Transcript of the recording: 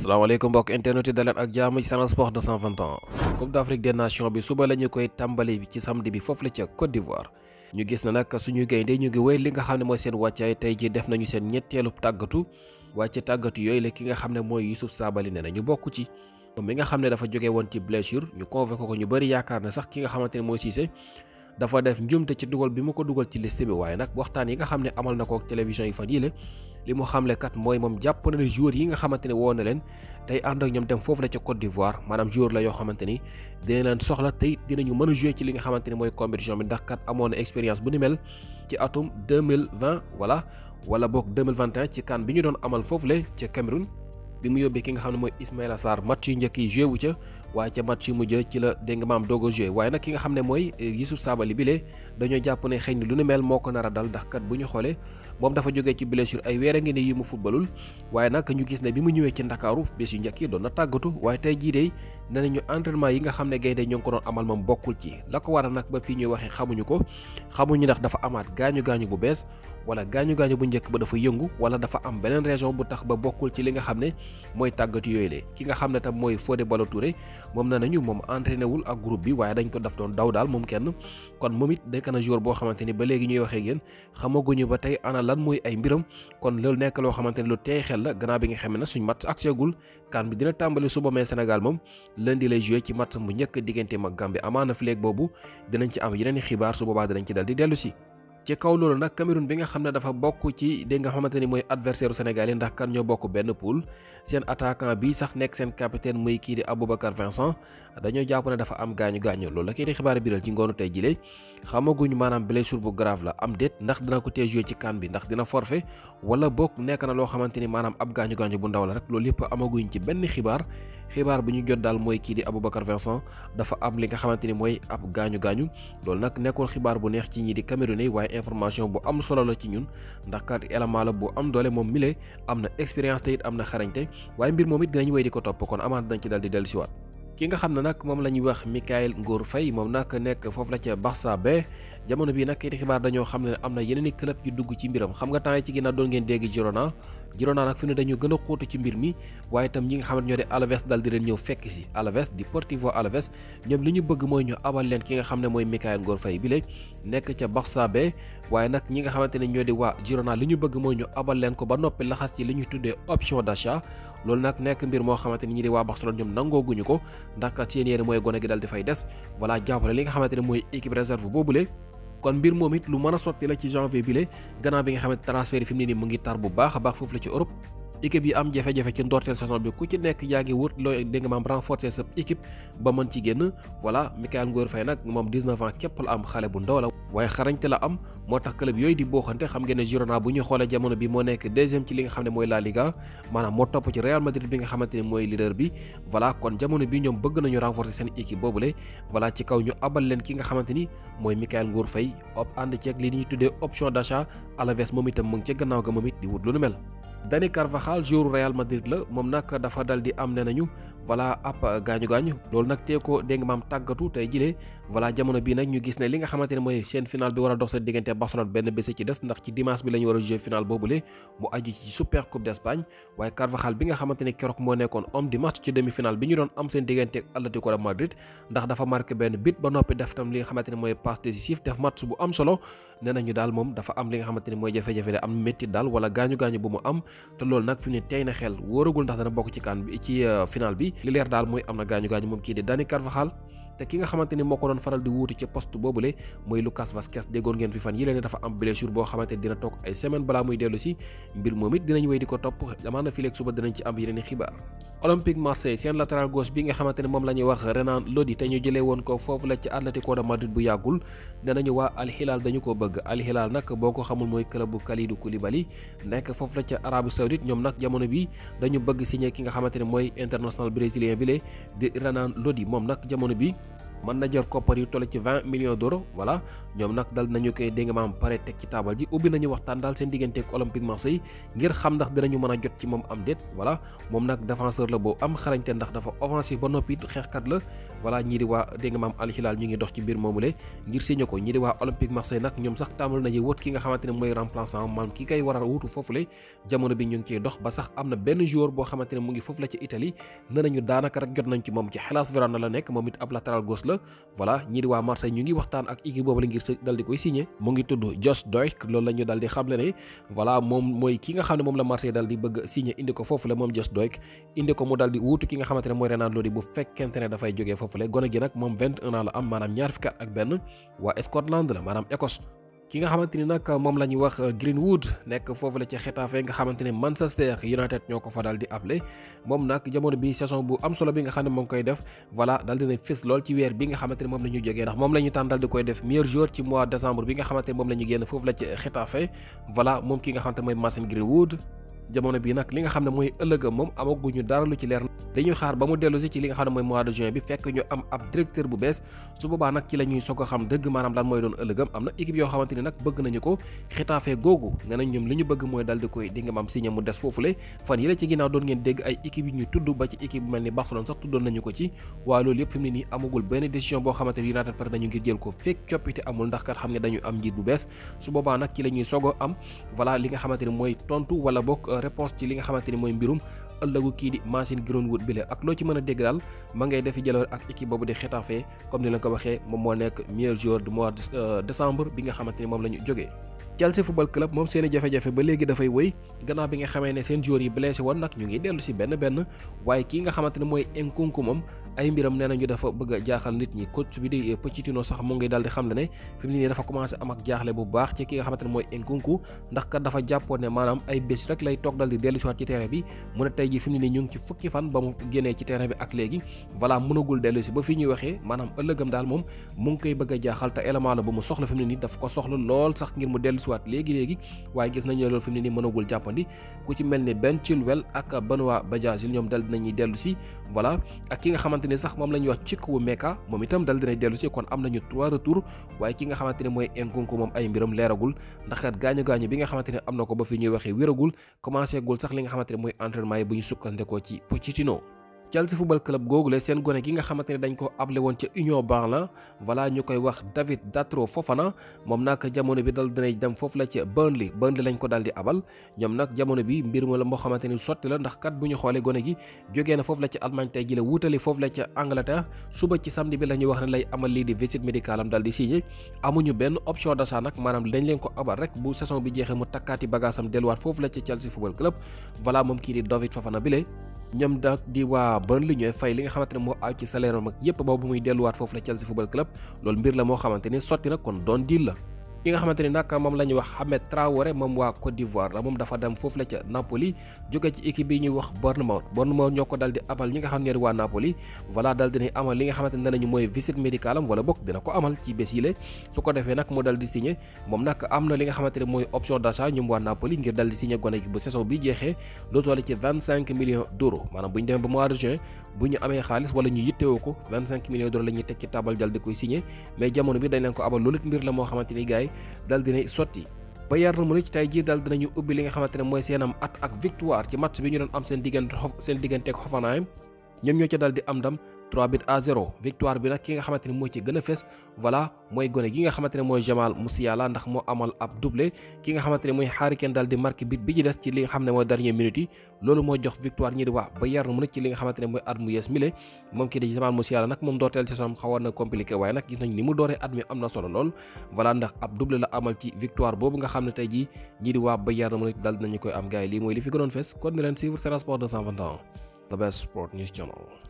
salaamaaleykum mbokk internet yi daleen ak jaamu ci Sen Sport 221 d'Afrique des Nations bi suba la ñu koy tàmbali ci samedi bi foofu la ca Côte d'Ivoire ñu gis na nag suñu gaynde ñu ngi wéy li nga xam ne mooy seen wàccaay tey ji def nañu seen ñetteelu tàggatu wàcce tàggatu yooyu la ki nga xam ne mooy Youssouf saabali ne na ñu bokk ci moom mi nga xam ne dafa jóge woon ci blessure ñu convoqué ko ñu bëri yaakaar ne sax ki nga xamante ne mooy Cissé dafa def njumte ci dugal bi mu ko dugal ci liste waaye nag waxtaan yi nga xam ne amal na ko télévision yi fan yii li mu xamle kat mooy moom jàpp na ne joueur yi nga xamante ne leen tey ànd ak ñoom dem foofu la ca Côte d'Ivoire maanaam joueur la yoo xamante dina leen soxla te it dinañu mën a ci li nga xamante mooy compétition bi ndax kat amoon na expérience bu ni mel ci atum 2020 voilà wala ci kan bi ñu doon amal foofu la ca Cameroun waaye ca match yu mujj ci la dégg nga maam doog a waaye nag ki nga xam ne mooy eh, Youssouf bi bile dañoo jàpp ne xëy na lu ne mel moo ko nar a dal ndax kat bu ñu xoolee moom dafa jóge ci blessure ay weer a ngi ne yi mu futbalul waaye nag ñu gis ne bi mu ñëwee ci ndakaaru bés yu njëkk yi doon na tàggatu waaye tey jii de nee nañu entraînement yi nga xam ne gaynde ñoo ngi ko doon amal moom bokkul ci la ko waral nag ba fii ñuy waxee xamuñu ko xamuñu ndax dafa amaat gaañu gaañu bu bees wala gaañu gaañu bu njëkk ba dafa yëngu wala dafa am beneen raison bu tax ba bokkul ci li nga xam ne mooy tàggatu yooyu le ki nga xam ne tam mooy Fodé Ballo Touré moom nee nañu moom entraîné wul ak group bi waaye dañ ko daf doon daw daal moom kenn kon moom it nekk na joueur boo xamante ni ba léegi ñuy waxee yéen xamaguñu ba tey ana lan mooy ay mbiram kon loolu nekk loo xamante ni lu teey xel la gannaaw bi nga xam ne suñ mat ak seegul kan bi dina tàmbali suba mais Sénégal moom lundi lay joué ci match bu njëkk diggante mag Gambie amaana fileeg boobu dinañ ci am yeneen i xibaar su boobaa dinañ ci dal di dellu si ci kaw loolu nag Cameroun bi nga xam ne dafa bokk ci di nga xamante ni mooy adversaire Sénégal yi ndax kan ñoo bokk benn poule seen attaquant bi sax nekk seen capitaine muy kii di Aboubacar Vincent dañoo jàpp ne dafa am gaañu gaañu loolu la kii di xibaar biral ci ngoonu tey jile xamaguñu maanaam blessure bu grave la am déet ndax dina ko tee ci kan bi ndax dina forfait wala bokk nekk na loo xamante ni maanaam ab gaañu gaañu bu ndaw la rek loolu yëpp amaguñ ci benn xibaar xibaar bu ñu jot daal mooy kii di Aboubacar Vincent dafa am li nga xamante ni mooy ab gaañu gaañu loolu nag nekkul xibaar bu neex ci ñi di Camerounais waaye information bu am solo la ci ñun ndax kat élément la bu am doole moom mile am na expérience te it am na xarañte waaye mbir moom it dinañu wéy di ko topp kon amaat dañ ci daal di dellusiwaat. ki nga xam ne nag moom la ñuy wax Mikayil Ngor Faye moom nag nekk foofu la ca Barça ba jamono bii nag kayiti xibaar dañoo xam ne am na yeneen i club yu dugg ci mbiram xam nga temps yi ci ginnaaw doon ngeen dégg Girona nag fi ne dañu gën a ci mbir mi waaye itam ñi nga xam ñoo di Alaves dal di leen ñëw fekk si Alaves Deportivo Alaves ñoom li ñu bëgg mooy ñu abal leen ki nga xam ne mooy Mikayil Ngor Faye bile nekk ca Barça B waaye nag ñi xamante ne ñoo di waa Girona li ñu bëgg mooy ñu abal leen ko ba noppi laxas ci li ñuy tuddee option d'achat loolu nag nekk mbir moo xamante ni ñi di waa Barcelone ñoom nangooguñu ko ndax kat seen mooy gone gi dal di fay des voilà jàppale li nga xamante ne mooy équipe réserve boobule kon mbir moom it lu mën a sotti la ci janvier bi gannaaw bi nga xamante transfert yi fi mu ne nii mu ngi tar bu baax a baax foofu la ci Europe équipe yi am jafe-jafe ci ndorteel saison bi ku ci nekk yaa ngi wut looy dégg nga maam renforcer sa équipe ba mën ci génn voilà Mikayil Ngor Faye nag moom 19 ans képp la am xale bu ndaw la waaye xarañte la am moo tax club yooyu di booxante xam ngeen ne Girona bu ñu xoolee jamono bi moo nekk deuxième ci li nga xam ne mooy La Liga maanaam moo topp ci Real Madrid bi nga xamante ne mooy leader bi voilà kon jamono bi ñoom bëgg nañu renforcer seen équipe boobule voilà ci kaw ñu abal leen ki nga ni mooy Mikayil Ngor Faye op ànd ceeg li ñuy tuddee option d'achat Alaves moom itam mu ngi mel Dani Carvajal joueur Real Madrid la moom nag dafa dal di am ne nañu wala apa gañu gañu lol nak té ko deng mam maam tàggatu tey jilee wala jamono bi nak ñu gis né li nga xamanténi moy final bi wara dox sa digënté Barcelone ben bés ci dess ndax ci dimanche bi lañu wara jouer final mu aji ci super coupe d'Espagne waaye Carvajal bi nga xamanténi kérok mo nékkon homme du match ci demi final bi ñu doon am seen digënté Atlético de Madrid ndax dafa marqué bit but ba nopi def tam li nga xamanténi moy passe décisif def match bu am solo nee nañu dal mom dafa am li nga xamanténi moy jafé jafé am metti dal wala gañu gañu bu mu am té lol nak fi tay na xel wóoragul ndax dana bok ci kan bi ci euh, final bi li daal mooy am na gaañu gaañu moom kii di Dani Carvajal te ki nga xamante ni moo ko doon faral di wuuti ci poste boobule mooy Lucas Vazquez déggoon ngeen fi fan yi leen dafa am blessure boo xamante dina toog ay semaine balaa muy dellu si mbir moom it dinañ wéy di ko topp amaana fileeg suba dinañ ci am yeneen xibaar Olympique Marseille seen latéral gauche bi nga xamante ne moom la ñuy wax Renan Lodi te ñu jëlee woon ko foofu la ci Atlético de Madrid bu yàggul danañu waa Al Hilal dañu ko bëgg Al Hilal nag boo ko xamul mooy club bu Kalidou Koulibaly nekk foofu la ca Arabie ñoom nag jamono bi dañu bëgg signé ki nga xamante ne mooy international brésilien bi le di Renan moom nag jamono bi mën na jar koppar yu toll ci 20 millions d'euros voilà ñoom nag dal nañu koy dégg maam pare tek ci taabal ji ubbi nañu waxtaan daal seen diggante ak olympique marseille ngir xam ndax dinañu mën a jot ci moom am déet voilà moom nag défenseur la boo am xarañte ndax dafa offensif ba noppi xeexkat la voilà ñii di waa dégg ñu ngi dox ci mbir moomule ngir signé ko ñii di waa Olympique Marseille nag ñoom sax tàmbali a na benn joueur boo xamante ne mu ngi foofu la ak équipe boobu la ngir sa dal di koy signé moom mooy ki nga xam ne moom la Marseille dal di bëgg signé indi mooy Renan Lodi bu fekkente ne dafay jógee foofu foofule gone gi nag moom 21 ans la am maanaam ñaar fukki ak benn waa Scotland la maanaam Écosse ki nga xamante ni nag moom la ñuy wax Greenwood nekk foofu la ci Xetafe nga xamante ni Manchester United ñoo ko fa daal di appelé moom nag jamono bi bi nga xam ne moo koy def voilà daal dina fës lool ci weer bi nga xamante ni la ñu jógee ndax moom la ñu tànn daal di koy def meilleur joueur ci mois décembre bi nga xamante ni moom la génn foofu la ci Xetafe voilà moom ki nga xamante mooy Mason Greenwood jamono bii nag li nga xam ne mooy ëllëga moom amaguñu dara ci leer dañuy xaar ba mu dellu ci li nga xam ne mooy mois de juin bi fekk ñu am ab directeur bu bees su boobaa nag ci la ñuy am na li nga xamante ni mooy tontu wala bokk euh, réponse ci li nga xamante ni mooy mbirum ëllëgu kii di machine Greenwood bi la ak loo ci mën a dégg daal ma ngay defi jaloor ak équipe boobu di Xetafe comme ni la ko waxee moom moo nekk meilleur joueur du mois de euh, bi nga xamante ni moom la ñu jógee. Chelsea Football Club moom seen i jafe-jafe ba léegi dafay wëy gannaaw bi nga xamee ne seen joueurs yi blessé woon benn benn waaye kii nga xamante ne mooy Nkunku moom ay mbiram nee nañu dafa bëgg a jaaxal nit ñi coach bi di Pochettino sax mu ngi daal xam ne ne fi nii dafa commencé am ak jaaxle bu baax ci ki nga xamante ne mooy Nkunku ndax kat dafa jàppoon ne maanaam ay bés rek lay toog dal di dellu siwaat ci terrain bi mu ne tey ji fi mu ne nii ñu ngi ci fukki fan ba mu génnee ci terrain bi ak léegi voilà mënagul dellu si ba fi ñuy waxee maanaam ëllëgam daal moom mu ngi koy bëgg a jaaxal te élément ba mu soxla fi mu ne nii ko soxla lool sax ngir mu dellu siwaat léegi-léegi waaye gis nañu loolu fi mu ne nii mënagul jàppandi ku ci mel ni Ben Chilwell ak Benoît Badiashile ñoom dal dinañuy dellu si voilà ak ki nga xamante xamante sax moom la ñuy wax Chikwu Meka moom itam dal dinay dellu si kon am nañu trois retours waaye ki nga xamante ne mooy Nkunku moom ay mbiram leeragul ndax kat gaañu gaañu bi nga xamante ne am na ko ba fi ñuy waxee wéragul commencé gul sax li nga xamante ne mooy entraînement yi bu ñu sukkandekoo ci Pochettino Chelsea football club googu seen gone gi nga xamante ne dañ ko able woon ca Union Berlin voilà ñu koy wax David Datro Fofana moom nag jamono bi dal dinay dem foofu la ca Burnley Burnley lañ ko daal di abal ñoom nag jamono bi mbir ma la moo xamante ni sotti la ndax kat bu ñu xoolee gone gi jógee na foofu la ca Allemagne tey ji la wuutali foofu la ca Angleterre suba ci samedi bi la ñuy wax ne lay amal lii di visite médicale am daal di signé amuñu benn option d'achat nag maanaam dañ le ko abal bu saison bi jeexee mu takkaati bagaasam delluwaat foofu la ca Chelsea football club voilà moom kii di David Fofana ñam daak di waa Burnley ñooy fay li nga xamante ne moo aw ci salaire am ak yépp boobu muy delluwaat foofu la Chelsea football club loolu mbir la moo xamante ne sotti na kon doon diil la ki nga xamanteni nak mom lañ wax Ahmed Traoré mom wa Côte d'Ivoire la mom dafa dem fofu la ci Napoli joge ci équipe bi ñuy wax Bournemouth Bournemouth ñoko daldi di abal ñi nga xam wa Napoli wala daldi ni amal li nga xamanteni nañu moy visite médicale wala bok dina ko amal ci bés yi la su ko défé nak mo daldi di signé moom nag am li nga xamanteni moy option d'achat ñum wa Napoli ngir daldi di signé gone gi bu saison bi jeexee do toll ci 25 millions d'euros manam bu dem ba mois de juin buñu amé amee wala ñu yitté woko 25 millions d'euros lañu tek ci table dal di koy signé mais jamono bi dañ leen ko abal lolit mbir la mo xamanteni gay tey dal yar sotti Bayern Munich tey jii dal dinañu ubbi li nga xamante ne mooy seenam at ak victoire ci match bi ñu doon am seen diggante seen digganteeg Hoffenheim ñoom ñoo ca dal di am ndam 3 buts à 0 victoire bi nag ki nga xamante ne moo ci a fes voilà mooy gone gi nga xamante mooy moo amal ab doublé ki nga xamante ne mooy Harry Kane daal di marqué bit bi ci des ci li nga xam mooy dernière nga am ab doublé la amal ci victoire boobu nga xam ne tey jii ñi di waa Bayern Munich daal dinañu koy am gars lii mooy li fi gënoon fes kon ne leen suivre Sen Sports 221 the best sport news channel